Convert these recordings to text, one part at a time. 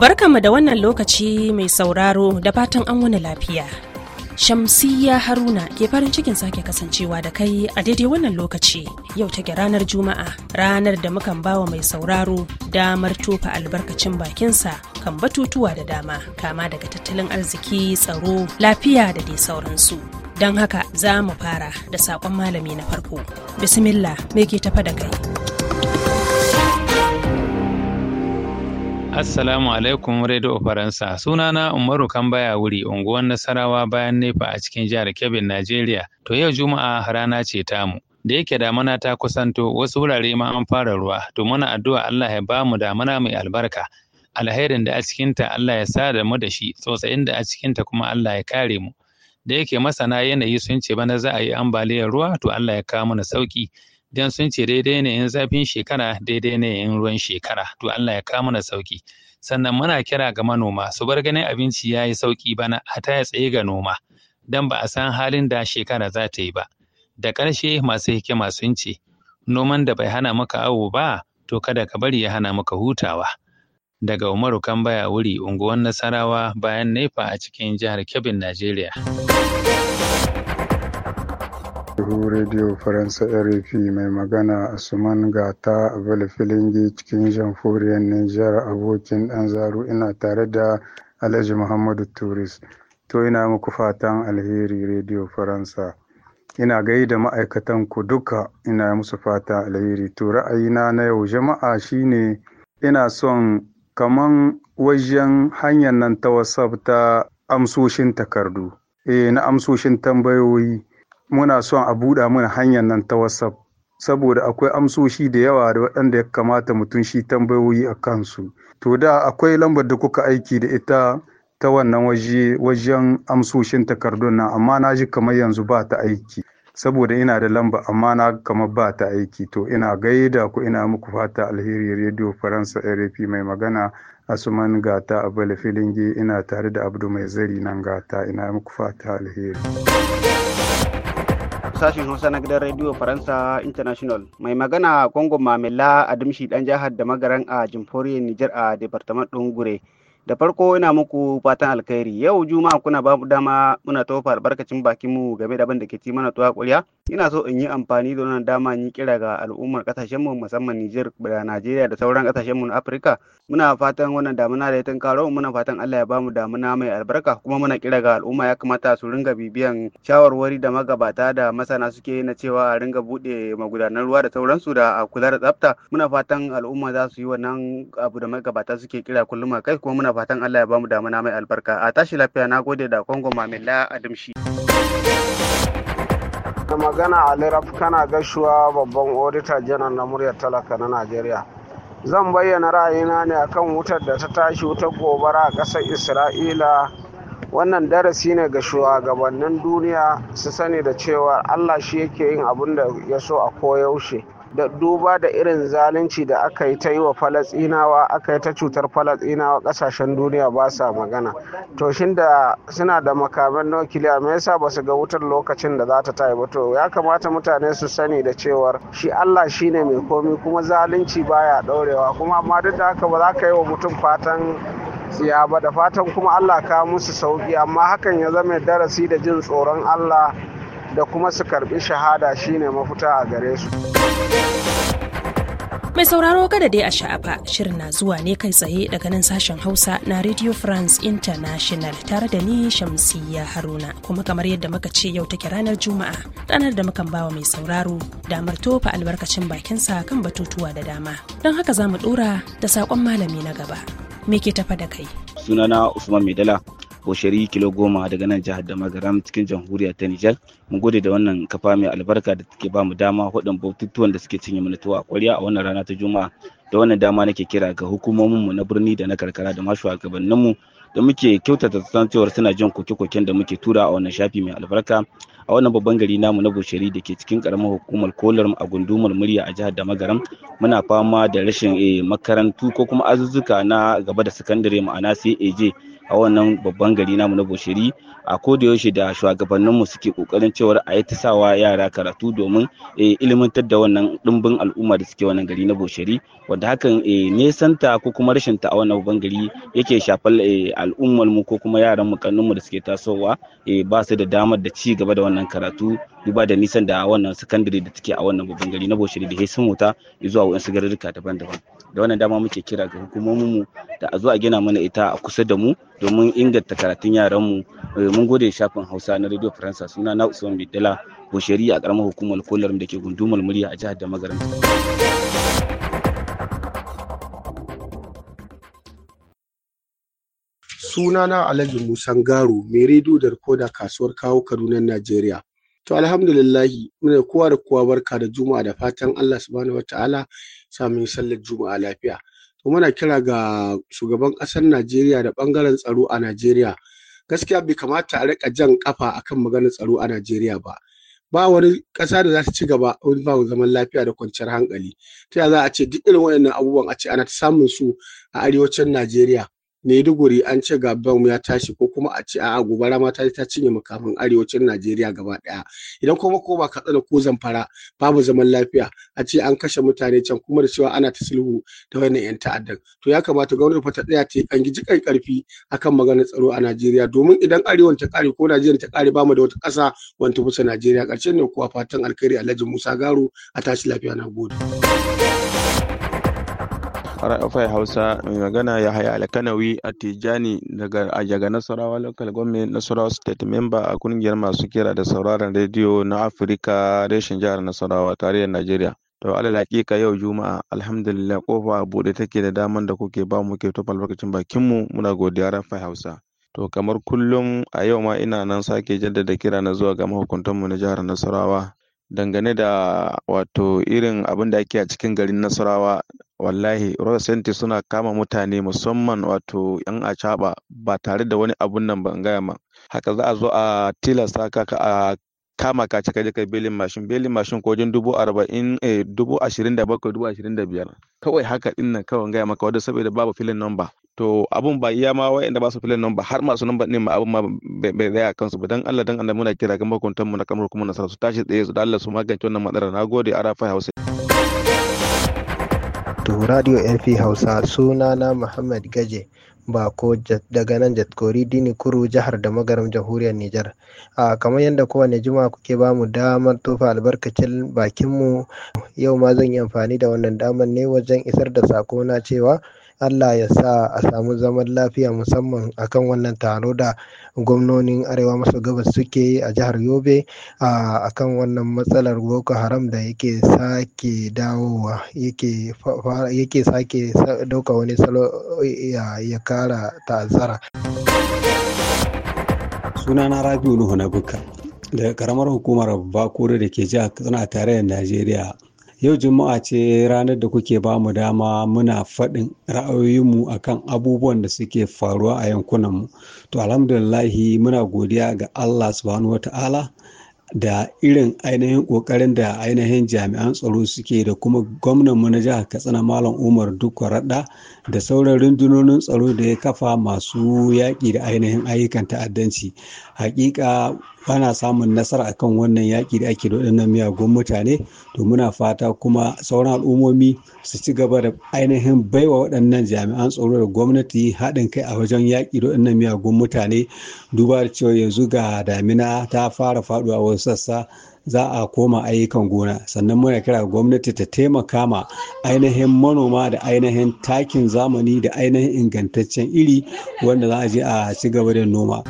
Barkamu da wannan lokaci mai sauraro da fatan an wani lafiya. Shamsiyya Haruna ke farin cikin sake kasancewa da kai a daidai wannan lokaci yau take ranar Juma'a ranar da mukan bawa mai sauraro damar tofa albarkacin bakinsa kan batutuwa da dama kama daga tattalin arziki tsaro lafiya da dai sauransu. Don haka za mu fara da saƙon malami na farko. Bismillah me ke tafa da kai? Assalamu alaikum Radio Faransa. Sunana Umaru Kambaya wuri unguwar Nasarawa bayan Nefa a cikin jihar Kebbi, Najeriya. To yau Juma'a rana ce tamu. Da yake damana ta kusanto wasu wurare ma an fara ruwa, to muna addu'a Allah ya bamu damana mai albarka. Alherin da a cikinta Allah ya sada mu da shi, tsotsayin da a cikinta kuma Allah ya kare mu. Da yake masana yanayi sun ce bana za a yi ambaliyar ruwa, to Allah ya kawo mana sauki. dan sun ce daidai ne in zafin shekara daidai ne in ruwan shekara to Allah ya kawo mana sauki sannan muna kira ga manoma su bar ganin abinci ya yi sauki bana a ta ya tsaye ga noma dan ba a san halin da shekara za ta yi ba da ƙarshe masu hikima sun ce noman da bai hana maka awo ba to kada ka bari ya hana maka hutawa daga Umaru Kambaya wuri unguwar Nasarawa bayan Naifa a cikin jihar Kebbi Najeriya. Ihu Radio Faransa RFI mai magana Asuman Gata a Filingi cikin Jamhuriyar Nijar abokin ɗan zaro ina tare da Alhaji Muhammadu Turis. To ina muku fatan alheri Radio Faransa. Ina gaida ma'aikatan ku duka ina musu fata alheri. To ra'ayina na yau jama'a shine ina son kaman wajen hanyar nan ta WhatsApp ta amsoshin takardu. Eh na amsoshin tambayoyi. muna son a buɗa mana hanyar nan ta WhatsApp saboda akwai amsoshi da yawa da waɗanda ya kamata mutum shi tambayoyi a kansu. To da akwai lambar da kuka aiki da ita ta wannan wajen amsoshin takardun nan amma na ji kamar yanzu ba ta aiki. saboda ina da lamba amma na kamar ba ta aiki to ina gaida ku ina muku fata alheri radio faransa rfi mai magana asuman gata a bala filinge ina tare da abdu mai zari nan gata ina muku fata alheri sashen Hausa na gidan Radio Faransa International. Mai magana Kongo Mamela Adamshi dan jihar da magaran a Jimforiyar Nijar a Departement Gure. da farko ina muku fatan alkhairi yau juma'a kuna babu dama muna tofa albarkacin bakin mu game da abin da ke ci mana tuwa kuriya ina so in yi amfani da wannan dama yi kira ga al'ummar kasashen mu musamman Niger da Najeriya da sauran kasashen mu na Afirka muna fatan wannan damuna da ya karo? muna fatan Allah ya ba mu damuna mai albarka kuma muna kira ga al'umma ya kamata su ringa bibiyan shawarwari da magabata da masana suke na cewa a ringa bude magudanan ruwa da sauransu da a kula da tsafta muna fatan al'umma za su yi wannan abu da magabata suke kira kullum a kai kuma muna fatan Allah ya bamu damuna mai albarka a tashi lafiya na gode da kongo mamilla adamshi da magana ali raf kana gashuwa babban odita janar na muryar talaka na najeriya zan bayyana ra'ayina ne kan wutar da ta tashi wutar gobara a ƙasar isra'ila wannan darasi ne ga shugabannin duniya su sani da cewa allah shi yake yin abin da ya so a koyaushe da duba da irin zalunci da aka yi ta yi wa falasinawa aka yi ta cutar falasinawa kasashen duniya ba sa magana to shin da suna da makaman nukiliya me yasa ba su ga wutar lokacin da za ta tayi ba to ya kamata mutane su sani da cewar shi Allah shine mai komi kuma zalunci baya daurewa kuma amma duk da haka ba za ka yi wa mutum fatan tsiya ba da fatan kuma Allah ka musu sauki amma hakan ya zama darasi da jin tsoron Allah da kuma su karbi shahada shine mafuta a gare su mai sauraro kada dai a sha'afa shirin na zuwa ne kai tsaye daga nan sashen hausa na radio france international tare da ni shamsiyya haruna kuma kamar yadda muka ce yau take ranar juma'a ranar da mukan bawa mai sauraro damar tofa albarkacin bakin sa kan batutuwa da dama don haka za mu dora da saƙon malami na gaba me ke tafa da kai sunana usman maidala Bosheri kilo goma daga nan jihar da magaram cikin jamhuriyar ta Nijar. Mun gode da wannan kafa mai albarka da take bamu dama hudun baututuwan da suke cinye mana tuwa a kwarya a wannan rana ta Juma'a. Da wannan dama nake kira ga hukumominmu na birni da na karkara da ma mu da muke kyautata tsantsewar suna jin koke-koken da muke tura a wannan shafi mai albarka a wannan babban gari namu na bushari da ke cikin karamar hukumar kolar a gundumar murya a jihar damagaram muna fama da rashin eh, makarantu ko kuma azuzzuka na gaba da sakandare ma'ana CAJ a wannan babban gari namu na bushari a yaushe da shugabanninmu suke kokarin cewar a yi ta sawa yara karatu domin eh, ilimantar da wannan dimbin al'umma da suke wannan gari na bushari wanda hakan eh, nesanta ko kuma rashin ta a wannan babban gari yake shafar al'ummar mu ko kuma yaran mu kannun da suke tasowa ba su da damar da ci gaba da wannan wannan karatu duba da nisan da wannan sakandare da take a wannan babban gari na boshiri da hesin mota zuwa su garuruka daban-daban da wannan dama muke kira ga hukumomin mu da a zo a gina mana ita a kusa da mu domin inganta karatun yaran mu eh, mun gode shafin Hausa na Radio Faransa suna na Usman Bidala boshiri a karamar hukumar Kolar da ke gundumar murya a jihar da magaranta sunana Alhaji Musan Garo mai redo da rikoda kasuwar kawo Kaduna Najeriya. To alhamdulillahi muna kowa da kowa barka da Juma'a da fatan Allah subhanahu wataala samun sallar Juma'a lafiya. To muna kira ga shugaban ƙasar Najeriya da ɓangaren tsaro a Najeriya. Gaskiya bai kamata a rika jan ƙafa akan maganar tsaro a Najeriya ba. ba wani ƙasa da za ta ci gaba ba zaman lafiya da kwanciyar hankali ta za a ce duk irin waɗannan abubuwan a ce ana ta samun su a arewacin najeriya maiduguri an ce ga bam ya tashi ko kuma a ce a'a gobara ma ta ta cinye makamin arewacin najeriya gaba ɗaya idan kuma ko ba katsina ko zamfara babu zaman lafiya a ce an kashe mutane can kuma da cewa ana ta sulhu da wannan yan ta'addan to ya kamata gwamnati fa ta tsaya ta kangi jikan karfi akan maganar tsaro a najeriya domin idan arewan ta kare ko najeriya ta kare bamu da wata ƙasa wanda kusa najeriya ƙarshen ne kuwa fatan alkhairi alhaji musa garo a tashi lafiya na gode. arafa hausa mai magana ya haya alkanawi a tijani daga ajaga nasarawa local government nasarawa state member a kungiyar masu kira da sauraron rediyo na afirka reshen jihar nasarawa tarihin najeriya to alal hakika yau juma'a alhamdulillah kofa a buɗe take da daman da kuke ba mu ke tofa lokacin bakin mu muna godiya rafai hausa to kamar kullum a yau ma ina nan sake jaddada kira na zuwa ga mu na jihar nasarawa dangane da wato irin abin da ake a cikin garin nasarawa Wallahi road senti suna kama mutane musamman wato 'yan acaɓa ba tare da wani abun nan ba in gaya ma. Haka za a zo a tilasta ka a kama ka cika ka kai belin mashin belin mashin ko wajen dubu arba'in eh dubu ashirin da bakwai dubu ashirin da biyar kawai haka din nan kawai gaya maka wadda saboda babu filin nomba. to abun ba iya ma wa'anda ba su filin nomba. har masu nomba din ma abun ma bai tsaya kansu ba dan Allah dan Allah muna kira ga makuntan mu na kamar kuma nasara su tashi tsaye su da Allah su magance wannan matsalar nagode arafa hausa wato radio nf hausa sunana muhammad gaje bako daga nan jatkori dini kuru jihar da magaram jamhuriyar nijar a kamar yadda kowane juma kuke ba mu damar tofa albarkacin bakinmu yau ma zan yi amfani da wannan damar ne wajen isar da sakona cewa allah ya sa a samu zaman lafiya musamman akan wannan taro da gwamnonin arewa maso gabas suke yi a jihar yobe a kan wannan matsalar boko haram da yake sake dawowa yake sake dauka wani salo ya kara ta'azzara sunana rabiu nuhu na buka daga karamar hukumar bakure da ke jihar katsina a da najeriya Yau Juma'a ce ranar da kuke ba mu dama muna faɗin ra'ayoyinmu akan abubuwan da suke faruwa a yankunanmu. To alhamdulillahi muna godiya ga Allah subhanahu wata'ala da irin ainihin ƙoƙarin da ainihin jami'an tsaro suke da kuma gwamnanmu na jihar Katsina Malam Umar raɗa da sauran rundunonin tsaro da ya kafa masu yaƙi da ainihin ayyukan ta'addanci. Hakika Bana samun nasara akan wannan yaƙi da ake da waɗannan miyagun mutane to muna fata kuma sauran al'ummomi su ci gaba da ainihin baiwa waɗannan jami'an tsaro da gwamnati haɗin kai a wajen yaƙi da waɗannan miyagun mutane duba da cewa yanzu ga damina ta fara faɗuwa a wasu sassa za a koma ayyukan gona sannan muna kira gwamnati ta taimaka ma ainihin manoma da ainihin takin zamani da ainihin ingantaccen iri wanda za a je a ci gaba da noma.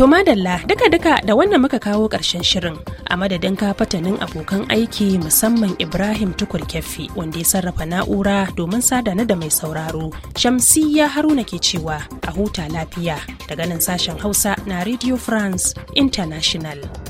To madalla duka-duka da wannan muka kawo ƙarshen shirin a madadin kafatanin abokan aiki musamman Ibrahim Tukur Keffi wanda ya sarrafa na'ura domin sadana da mai sauraro. Shamsiyya Haruna ke cewa a huta lafiya daga nan sashen Hausa na Radio France International.